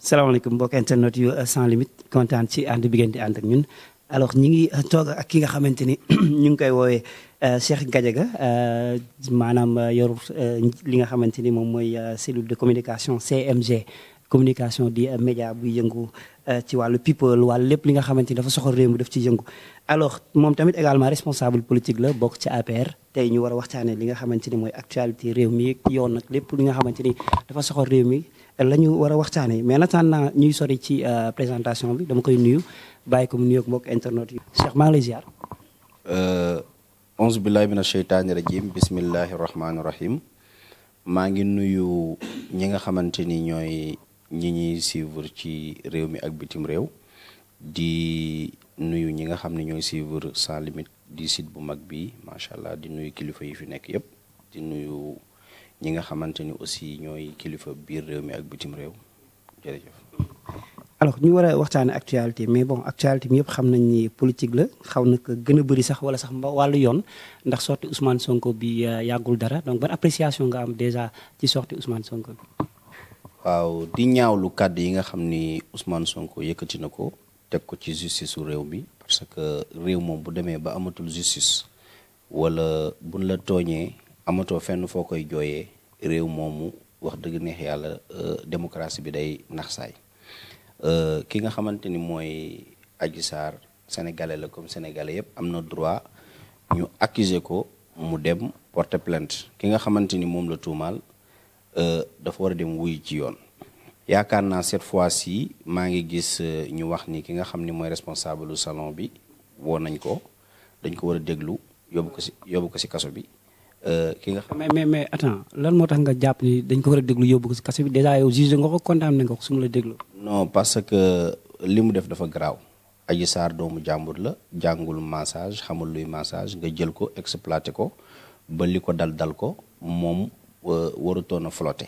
salaamaaleykum mbokk internet yu euh, sans limite kontaan ci ànd bi ngeen di ànd ak ñun alors ñi ngi euh, toog ak ki nga xamante ni ñu ngi koy woowee euh, Cheikh Gadiaga maanaam yor li nga xamante ni moom mooy cellule de communication CMG communication di média bu yëngu ci wàllu people wàllu lépp li nga xamante ni dafa soxal réew mi daf ci yëngu alors moom tamit également responsable politique la bokk ci APR tey ñu war a waxtaanee li nga xamante ni mooy actualité réew mi yoon nag lépp li nga xamante ni dafa soxal réew mi la ñu war a waxtaanee mais en attendant ñuy sori ci euh, présentation bi dama koy nuyu bàyyi ko mu nuyoog mbokk internet yi. Cheikh maa ngi lay ziar. Euh, auzu billahi mina sheytaani rajim bismillahi rahmaani rahim maa ngi nuyu ñi nga xamante ni ñooy ñi ñi suivre ci réew mi ak bitim réew di nuyu ñi nga xam ne ñooy suivre sans limite di site bu mag bi macha allah di nuyu kilifa yi fi nekk yépp di nuyu. ñi nga xamante ni aussi ñooy kilifa biir réew mi ak bitim réew jërëjëf. alors ñu war a waxtaanee actualité mais bon actualité bi xam nañ ni politique la xaw na ko gën a bëri sax wala sax mba wàllu yoon ndax sorti Ousmane Sonko bi euh, yàggul dara donc ban appréciation nga am déjà ci sorti Ousmane Sonko bi. waaw di ñaawlu kàdd yi nga xam ni Ousmane Sonko yëkkati na ko teg ko ci justice su réew mi parce que réew moom bu demee ba amatul justice wala buñ la tooñee. amatoo fenn foo koy jooyee réew moomu wax dëgg neex yàlla euh, démocratie bi day nax saay euh, ki nga xamante ni mooy Adji Sarr sénégalais la comme sénégalais yëpp am na droit ñu accuser ko mu dem porter plainte ki nga xamante ni moom la tuumaal euh, dafa war a dem wuy ci yoon yaakaar naa cette fois-ci maa ngi gis ñu wax ni ki nga xam ni mooy responsable salon bi woo nañ ko dañ ko war a déglu yóbbu ko si yóbbu ko si kaso bi Euh, ki nga xam mais mais mais attends lan moo tax nga jàpp ni dañ ko war a déglu yóbbu ko si kaso bi dèjà yow jugé nga ko ko su ma la déglu. non parce que li mu def dafa garaaw. Adji Sarr doomu jàmbur la jàngul massage xamul luy nga jël ko exploité ko ba li ko dal dal ko moom euh, warutoon a flotté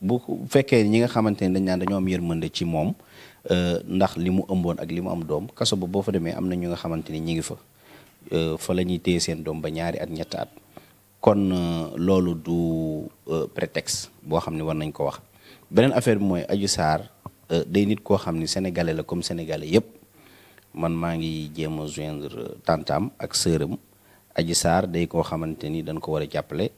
bu fekkee ñi nga xamante ne dañ naan dañoo am yërmande ci moom euh, ndax li mu ëmboon ak li mu am doom kaso ba boo fa demee am na ñu nga xamante ni ñi ngi fa fa la ñuy téye seen doom ba ñaari at ñetti at. kon euh, loolu du euh, prétexte boo xam ne war nañ ko wax beneen affaire bi mooy Adji Sarr euh, day nit koo xam ni sénégalais la comme sénégalais yëpp man maa ngi jéem a joindre tantam ak sëram aju Sarr day koo xamante ni dañ ko war a jàppale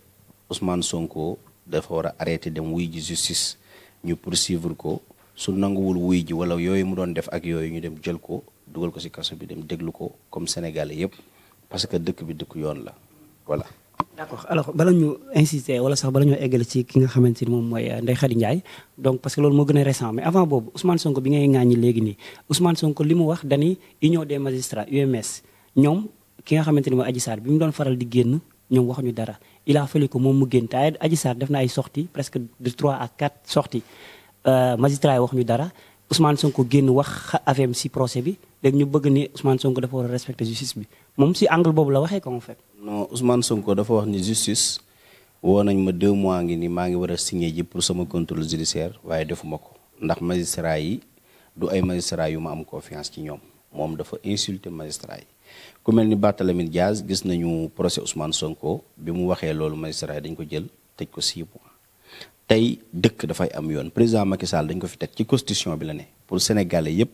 Ousmane Sonko dafa war a arrêté dem wuy ji justice ñu poursuivre ko su nanguwul wuy ji wala yooyu mu doon def ak yooyu ñu dem jël ko dugal ko ci kaso bi dem déglu ko comme sénégalais yëpp parce que dëkk bi dëkk yoon la voilà d'accord alors bala ñu insister wala sax bala ñoo eggale ci ki nga xamante ni moom mooy euh, Ndeye Khady Ndiaye donc parce que loolu moo gën a récent mais avant boobu Ousmane Sonko bi ngay ŋaañi léegi nii Ousmane Sonko li mu wax dani union des magistrats UMS ñoom ki nga xamante ni mooy Adji Sarr bi mu doon faral di génn ñoom waxuñu dara il a fallu que moom mu génn taay Adji def na ay sorties presque de 3 à 4 sorties euh, magistrats yi waxuñu dara Ousmane Sonko génn wax affaire si procès bi léegi ñu bëgg ni Ousmane Sonko dafa war a respecter justice bi moom si angle boobu la waxee ko en fekk non usman Sonko dafa wax ni justice woo nañ ma deux mois ngi ni maa ngi war a signé ji pour sama contrôle judiciaire waaye defuma ko ndax magistrat yi du ay magistrat yu ma am confiance ci ñoom moom dafa insulter magistrat yi. ku mel ni Barthélémy Diaz gis nañu procès Ousmane Sonko bi mu waxee loolu magistrat yi dañ ko jël tëj ko six tey dëkk dafay am yoon président Macky Sall dañ ko fi teg ci constitution bi la ne pour sénégalais yépp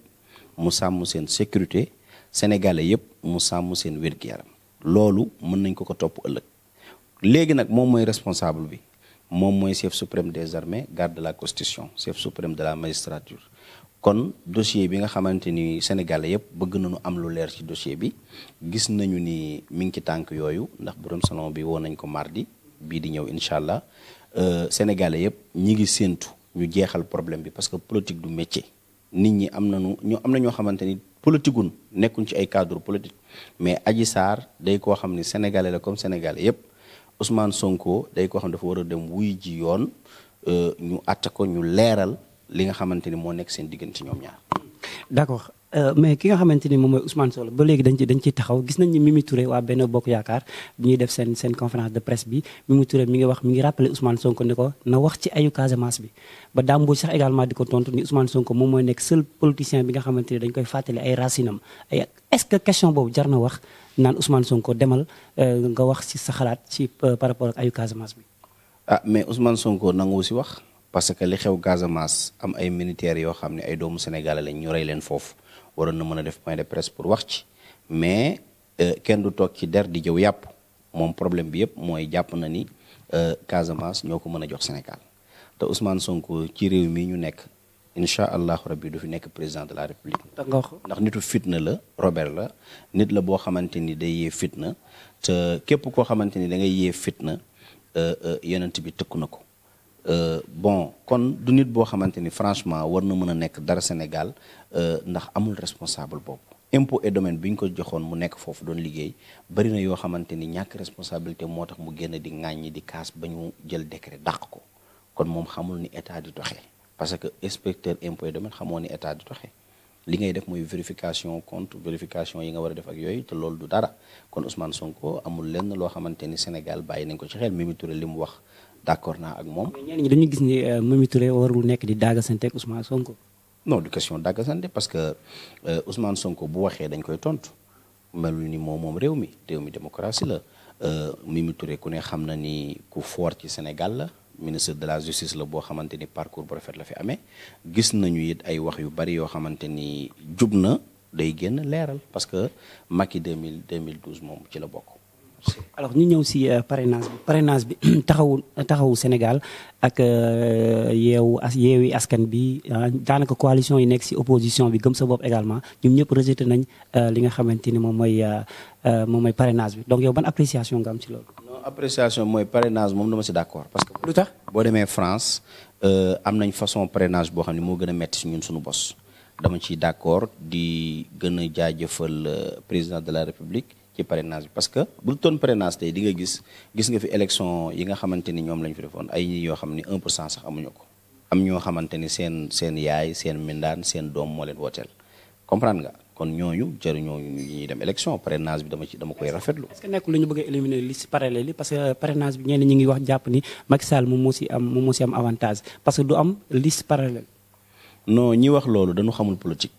mu sàmm seen sécurité. sénégalais yëpp mu sàmm seen wér-gu-yaram loolu mën nañ ko ko topp ëllëg léegi nag moom mooy responsable bi moom mooy chef suprême des armées garde de la constitution chef suprême de la magistrature kon dossier bi nga xamante ni sénégalais yëpp bëgg nañu am lu leer ci dossier bi gis nañu ni mi ngi ci tànk yooyu ndax borom salon bi woo nañ ko mardi bii di ñëw incha allah euh, sénégalais yëpp ñi ngi séentu ñu jeexal problème bi parce que politique du métier nit ñi am nañu ñu am na ñoo xamante ni politikuñ nekkuñ ci ay cadre politique mais aji Sarr day koo xam ni sénégalais la comme sénégalais yépp Ousmane Sonko day koo xam dafa war a dem wuy ji yoon euh, ñu àtte ko ñu leeral li nga xamante ni moo nekk seen diggante ñoom ñaar. d'accord Euh, mais ki nga xamante ni moom mooy Ousmane Solo ba léegi dañ ci dañ ciy taxaw gis nañ ni Mimi Touré bokk yaakaar bi ñuy seen seen conférence de presse bi Mimi Touré mi ngi wax mi ngi rappelé Ousmane Sonko ne ko na wax ci ayu Casamance bi ba Dame di ko tontu ni Ousmane Sonko moom mooy nekk seul politicien bi nga xamante ni dañ koy fàttali ay racinam ay que question boobu jar na wax naan Ousmane Sonko demal euh, nga wax ci sa xalaat ci euh, par rapport ak Casamance bi. ah mais Ousmane Sonko nangu si wax parce que li xew Casamance am ay militaires yoo xam ne ay doomu Sénégal lañ ñu rey leen foofu waroon na mën a def point de presse pour wax ci mais euh, kenn du toog ci der di jëw yàpp moom problème bi yëpp mooy jàpp na ni euh, Casamance ñoo ko mën a jox Sénégal te Ousmane Sonko ci réew mi ñu nekk incha allahu rabbi du fi nekk président de la république. ndax nitu fitna la Robert la nit la boo xamante ni day yee fitna te képp koo xamante ni da ngay yee fitna euh, yenent bi tëkku na ko. Euh, bon kon du nit boo xamante ni franchement war na mën a nekk dara Sénégal euh, ndax amul responsable boobu impôt et domaine bi ñu ko joxoon mu nekk foofu doon liggéey bari na yoo xamante ni ñàkk responsabilité moo tax mu génn di ŋàññi di kaas ba ñu jël décret dàq ko kon moom xamul ni état di doxee parce que inspecteur impôt et domaine xamoo ni état di toxe li ngay def mooy vérification compte vérification yi nga war a def ak yooyu te loolu du dara kon Ousmane Sonko amul lenn loo xamante ni Sénégal bàyyi nañ ko ci xel Mimi li mu wax d'accord naa ak moom. mais ñi dañu gis ni euh, Mimi Touré warul nekk di daagasante ak Ousmane Sonko. non du question daagasante parce que euh, Ousmane Sonko bu waxee dañ koy tontu melul ni moom moom réew mi réew mi démocratie la euh, Mimi Touré ku ne xam na ni ku foor ci Sénégal la. ministre de la justice la boo xamante ni parcours bu rafet la fi amee gis nañu it ay wax yu bari yoo xamante ni jub na day génn leeral parce que Macky 2000 2012 moom ci la bokk. alors ñu ñëw si euh, parrainage bi parrainage bi taxawu taxawu Sénégal ak euh, yeewu as yeewi askan bi euh, daanaka coalition yi nekk si opposition bi gëm sa bopp également ñun ñëpp rejeté nañ li nga xamante ni moom mooy moom mooy parrainage bi donc yow ban appréciation nga am ci loolu. non appréciation mooy parrainage moom dama si d' accord parce que lu tax boo demee France am nañ façon parrainage boo xam ne moo gën a metti si ñun suñu bos dama ci d' accord di gën a jaajëfal président de la république. ci parrainage bi parce que bul toon parrainage tey di nga gis gis nga fi élection yi nga xamante ni ñoom la ñu fi defoon ay ñi yoo xam ni 1 pour cent sax amuñu ko am ñoo xamante ni seen seen yaay seen mindaan seen doom moo leen wooteel comprendre nga kon ñooñu jaruñoo ñu ñuy dem élection parrainage bi dama ci dama koy rafetlu. est-ce que nekkul lu ñu bëgg a éliminer li ci parallèle yi parce que parrainage bi ñenn ñi ngi wax jàpp ni Macky Sall moom moo ci am moom moo ci am avantage parce que du am liste parallèle. non ñi wax loolu dañu xamul politique.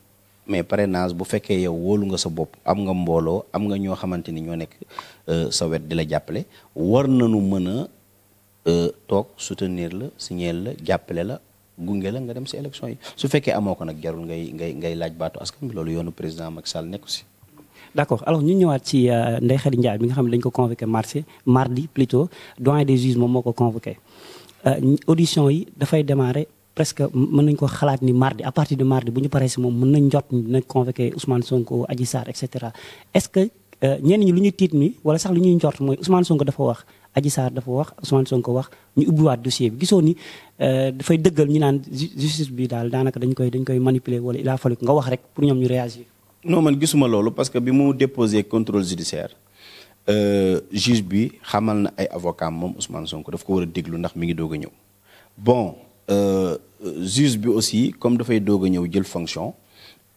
mais parrainage bu fekkee yow wóolu nga sa bopp am nga mbooloo am nga ñoo xamante ni ñoo nekk euh, sa wet di la jàppale war nañu mën a euh, toog soutenir la signer la jàppale la gunge la nga dem si élection yi su fekkee amoo ko nag jarul ngay ngay ngay laaj baatu askan bi loolu yoonu président Macky Sall nekku si. d' accord ñu ñëwaat ci euh, Ndeye Khady bi nga xam ne dañu ko convoqué marché mardi plutôt doyen des juges moom moo ko convoqué audition yi dafay démarrer. presque mën nañ koo xalaat ni mardi à partir de mardi bu ñu paree si moom mën nañ jot dinañ convoqué Ousmane Sonko Adji Sarr et cetera est-ce que euh, ñenn ñi lu ñu tiit ni wala sax lu ñuy njort mooy Ousmane Sonko dafa wax Adji Sarr dafa wax Ousmane Sonko wax ñu ubbiwaat dossier bi gisoo ni euh, dafay dëggal ñu naan justice bi daal daanaka dañ koy dañ koy manipuler wala il a nga wax rek pour ñoom ñu réagir. non man gisuma loolu parce que bi mu déposé contrôle judiciaire euh, juge bi xamal na ay avocat moom Ousmane Sonko daf ko war a déglu ndax mi ngi doog ñëw Euh, juge bi aussi comme dafay doog a ñëw jël fonction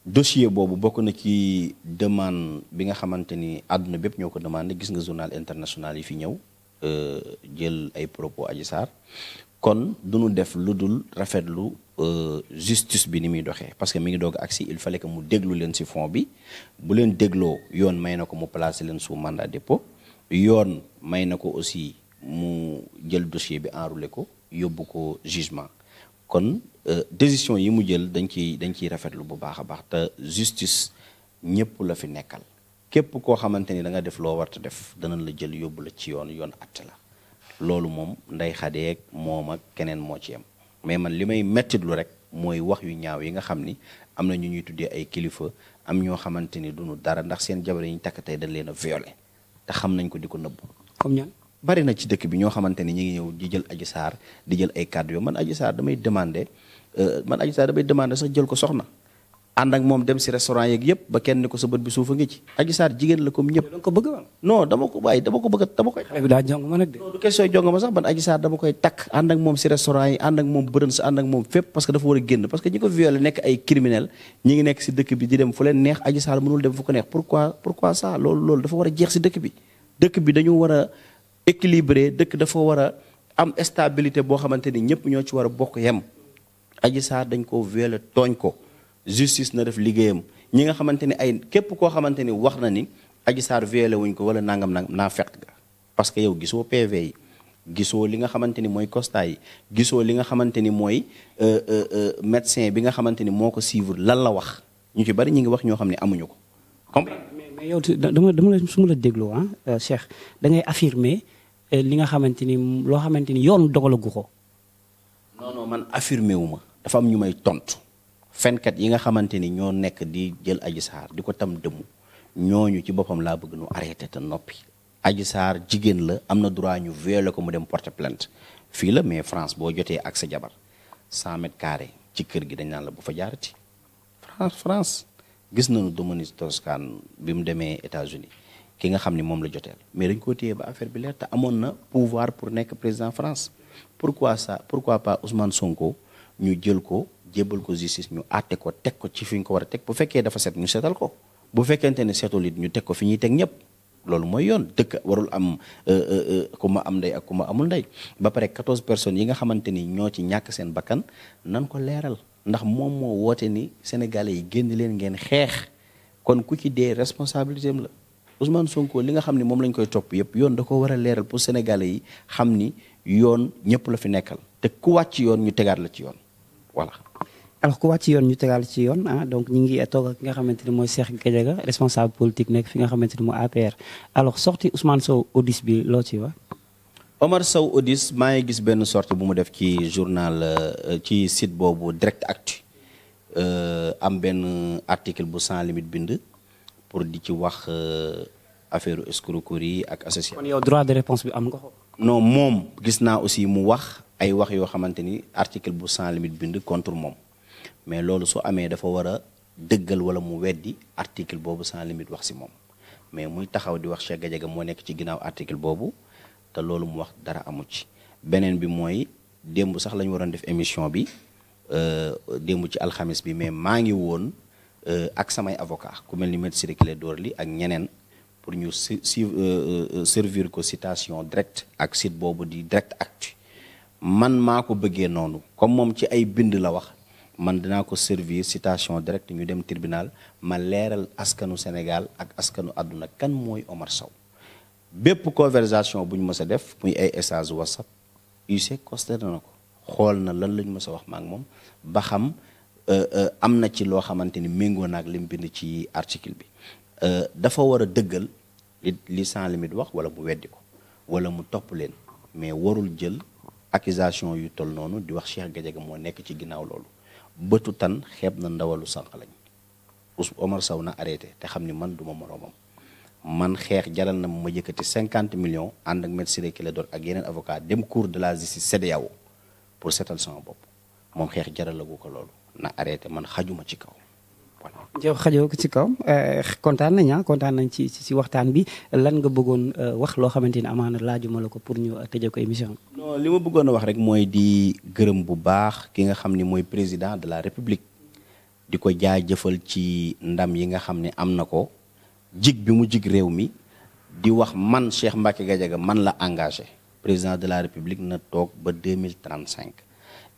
dossier boobu bokk na ci demande bi nga xamante ni àdduna bépp ñoo ko demandé gis nga journal international yi fi ñëw euh, jël ay propos Adji Sarr kon du ñu def lu dul rafetlu euh, justice bi ni muy doxee parce que mi ngi doog agsi il fallait que mu déglu leen ci fond bi bu leen dégloo yoon may na ko mu placer leen su mandat dépôt yoon may na ko aussi mu jël dossier bi enroulé ko yóbbu ko jugement kon euh, décision yi mu jël dañ ciy dañ ciy rafetlu bu baax a baax te justice ñëpp la fi nekkal képp koo xamante ni da nga def loo warta def danañ la jël yóbbu la ci yoon yoon atte la loolu moom nday xadeeg moom ak keneen moo ci yem mais man li may mettitlu rek mooy wax yu ñaaw yi nga xam ni am na ñu ñuy tuddee ay kilifa am ñoo xamante ni duñu dara ndax seen jabar yi ñu takk tey dañ leen a violé te xam nañ ko di ko nëbbu. bari na ci dëkk bi ñoo xamante ni ñu ngi ñëw di jël Adji di jël ay kàddu yo man Adji damay demandé euh, man Adji damay demandé sax jël ko soxna ànd moom dem si restaurant ba kenn ni ko sa bët bi suufa ngi ci Adji Sarr yi ànd moom bërën sa ànd moom fépp parce que dafa war a génn parce que ñi ko violé nekk ay criminel ñi ngi nekk si dëkk bi di dem fu leen neex Adji mënul dem fu ko neex pourquoi pourquoi loolu loolu dafa war a jeex si dëkk bi dañu war équilibré dëkk dafa war am stabilité boo xamante ni ñëpp ñoo ci war a bokk yem. Adji Sarr dañ ko veela tooñ ko justice na def liggéeyam ñi nga xamante ni ay képp koo xamante ni wax na ni Adji Sarr veela wuñ ko wala nangam nangam naa fekk parce que yow gisoo PV yi gisoo li nga xamante ni mooy constat yi gisoo li nga xamante ni mooy euh, euh, euh, médecin bi nga xamante ni moo ko suivre lan la wax ñu ci bari ñu ngi wax ñoo xam ne amuñu ko. mais yow dama Eh, li nga xamante ni loo xamante ni yoonu dogalagu ko. man affirmé wu ma dafa am ñu may tontu fenkat yi nga xamante ni ñoo nekk di jël Adji Sarr di ko tam dëmm ñooñu ci boppam laa bëgg nu arrêté te noppi. Adji Sarr jigéen la am na droit ñu violé ko mu dem porte plante fii la mais France boo jotee ak sa jabar 100 mètres carrés ci kër gi dañ naan la bu fa jaarati France France gis nañu Dominique Toscane bi mu demee États-Unis ki nga xam ni moom la joteel mais dañ koo téye ba affaire bi leer te amoon na pouvoir pour nekk président France pourquoi ça pourquoi pas usman Sonko ñu jël ko jébbal ko justice ñu àtte ko teg ko ci fi ñu ko war a teg bu fekkee dafa set ñu seetal ko bu fekkente ne seetul yi ñu teg ko fi ñuy teg ñëpp loolu mooy yoon dëkk warul am euh, euh, euh, ku ma am ndey ak ku ma amul ndey ba pare 14 personnes yi nga xamante ni ñoo ci ñàkk seen bakkan nan ko leeral ndax moom moo woote ni sénégalais yi génn leen ngeen xeex kon ku ci dee responsabilité am la Ousmane Sonko li nga xam ni moom lañ koy topp yëpp yoon da ko war a leeral pour sénégalais yi xam ni yoon ñëpp la fi nekkal te ku wàcc yoon ñu tegaat la ci yoon voilà. alors ku wàcc yoon ñu tegaal ci yoon ah donc ñi ngi toog ki nga xamante ni mooy Cheikh Gadiaga responsable politique nekk fi nga xamante ni mooy APR alors sorti Ousmane Sow audis bi loo ci wax Omar Sow audis maa ngi gis benn sortie bu mu def ci journal euh, ci site boobu direct actu euh, am benn article bu sans bind pour di ci wax euh, affaire escroquerie ak association. kon yow droit de réponse bi am nga ko. non moom gis naa aussi mu wax ay wax yoo xamante ni article bu sans bind contre moom mais loolu su amee dafa war a dëggal wala mu weddi article boobu sans wax si moom mais muy taxaw di wax Cheikh Gadiaga moo nekk ci ginnaaw article boobu te loolu mu wax dara amu ci beneen bi mooy démb sax lañu waroon def émission bi euh, démb ci alxamis bi mais maa ngi woon. Euh, ak samay avocat ku mel ni maître Ciré Clédor Ly ak ñeneen pour ñu si si euh, euh, servir ko citation direct ak site boobu di direct actu man maa ko bëggee noonu comme moom ci ay bind la wax man dinaa ko servir citation direct ñu dem tribunal ma leeral askanu Sénégal ak askanu àdduna kan mooy Omar Sow bépp conversation bu ñu mës a def muy ay essage WhatsApp UC constaté na ko xool na lan lañ mës a wax maak moom ba xam Euh, euh, am na ci loo xamante ni méngoo ak lim bind ci article bi euh, dafa war a dëggal li li sans wax wala mu weddi ko wala mu topp leen mais warul jël accusation yu tol noonu di wax Cheikh Gadiaga moo nekk ci ginnaaw loolu bëtu tan xeeb na ndawalu sànq lañ us Omar saw na arrêté te xam ni man du ma moroomam man xeex jaral na ma yëkkati cinquante million ànd ak maître Ciré Clédor ak yeneen avocat dem cour de la justice CEDEAO pour setal sama bopp moom xeex jaralagu ko loolu na arrêté man xajuma ci kaw. voilà jëw xajoo ko ci kaw euh, kontaan nañ ah, kontaan nañ ci ci waxtaan bi lan nga bëggoon euh, wax loo xamante ni amaana laajuma la ko pour ñu euh, tëjee ko émission bi. li ma bëggoon a wax rek mooy di gërëm bu baax ki nga xam ni mooy président de la république. di ko jëfal ci ndam yi nga xam ne am na ko jig bi mu jig réew mi di wax man Cheikh gaje ga man la engagé président de la république na toog ba deux mille trente cinq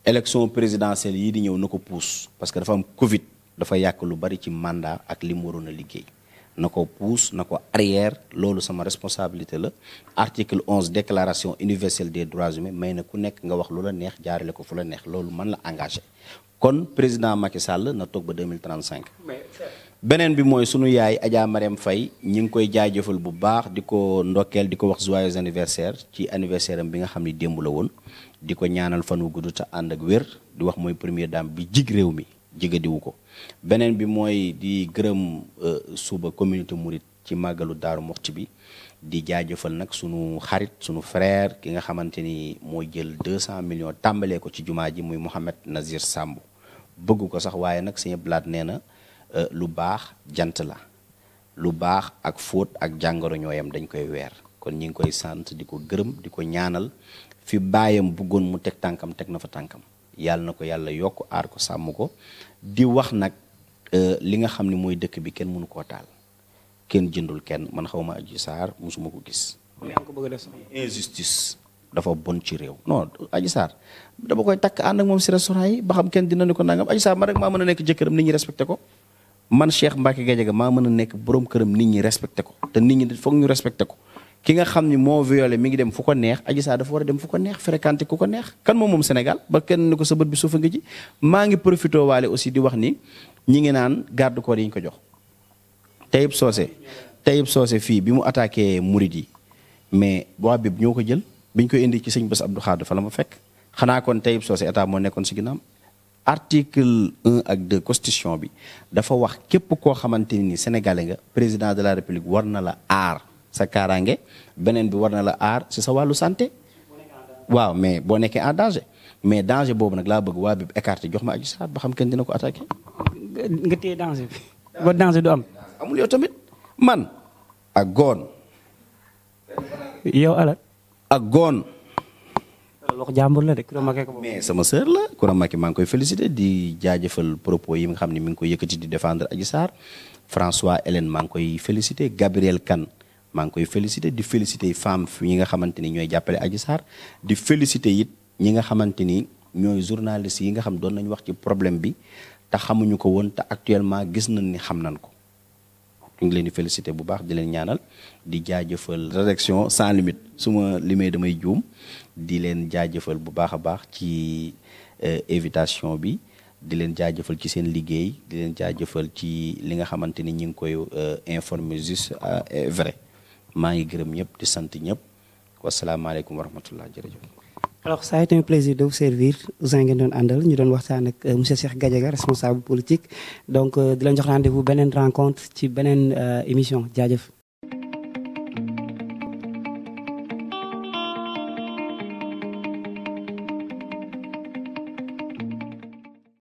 élection présidentielle yi di ñëw na ko puus parce que dafa am Covid dafa yàq lu bari ci mandat ak li mu waroon a liggéey na ko puus na ko arrière loolu sama responsabilité la article onze déclaration universelle des droits humains may na ku nekk nga wax lu la neex jaarale ko fu la neex loolu man la engagé kon président Macky Sall na toog ba 2035. beneen bi mooy sunu yaay Adja Marème Faye ñi ngi koy jaajëfal bu baax di ko ndokkeel di ko wax joyeux anniversaire ci anniversaire am bi nga xam ni démb la woon. di ko ñaanal fan wu gudd te ànd ak wér di wax mooy premier dame bi jig réew mi jigadiwu ko beneen bi mooy di gërëm euh, suba communauté Mouride ci màggalu Daaru Moxti bi di jaajëfal nag sunu xarit sunu frère ki nga xamante ni moo jël 200 millions tàmbalee ko ci jumaa ji muy Mouhamed Nazir Samb bëgg ko sax waaye nag Sëñ Blaat nee na euh, lu baax jant la lu baax ak fóot ak jàngoro ñooyam dañ koy weer kon ñi ngi koy sant di ko gërëm di ko ñaanal fi baayam buggoon mu teg tànkam teg na fa tànkam yàlla na ko yàlla yokk aar ko sàmm ko di wax nag euh, li nga xam ni mooy dëkk bi kenn mënu koo taal kenn jëndul kenn man xaw ma Adji Sarr musuma ko gis. injustice dafa bon ci réew. non Adji Sarr dama koy takk ànd ak moom si restaurant yi ba xam kenn dina ni ko nangam Adji Sarr man rek maa mën a nekk jëkkëram nit ñi respecté ko man Cheikh Mbacke Gadiaga maa mën a nekk borom këram nit ñi respecté ko te nit ñi foog ñu respecté ko. ki nga xam ni moo violé mi ngi dem fu ko neex Adji saa dafa war a dem fu ko neex fréquenté ku ko neex kan moom moom Sénégal ba kenn ni ko sa bët bi suufa nga ji maa ngi profité waale aussi di wax ni ñi ngi naan garde corps yi ko jox Taïb soose Taïb soose fii bi mu attaqué murid yi mais waa bi ñoo ko jël biñ ko indi ci sëñ Bass Abdou Khadre fa la ma fekk xanaa kon Taïb soose état moo nekkoon si ginnaam article 1 ak 2 constitution bi dafa wax képp koo xamante ni sénégalais nga président de la république war na la aar sa kaaraange beneen bi war na la aar si sa wàllu santé waaw mais boo nekkee en danger mais danger boobu nag laa bëgg waa bi écarté jox ma Adji Sarr ba xam kenn dina ko attaqué. nga téye danger bi ba danger du am. amul yoo tamit man ak goon. yow ala. ak goon. loxo jàmbur la de Coura ko mais sama sœur la Coura Macky maa ngi koy félicité di jaajëfal propos yi nga xam ne mi ngi koy yëkkati di défendre Adji Sarr François Hélène maa ngi koy félicité Gabriel Kane maa ngi koy félicité di félicité yi femme yi nga xamante ni ñooy jàppale Adji Sarr di félicité it ñi nga xamante ni ñooy journaliste yi nga xam doon nañu wax ci problème bi te xamuñu ko woon te actuellement gis nañ ni xam nañ ko ñu ngi leen di félicité bu baax di leen ñaanal di jaajëfal rédaction sans limite su ma limee damay juum di leen jaajëfal bu baax a baax ci euh, invitation bi di leen jaajëfal ci seen liggéey di leen jaajëfal ci li nga xamante ni ñu ngi koy euh, informer juste euh, vrai maa ngi gërëm ñëpp di sant ñëpp wasalaamaaleykum wa rahmatullah jërëjëf. alors ça a été un plaisir de vous servir Ousseyn ngeen doon àndal ñu doon waxtaan ak euh, monsieur Cheikh Gadiaga responsable politique donc euh, di la jox rendez-vous beneen rencontre ci beneen euh, émission jaajëf.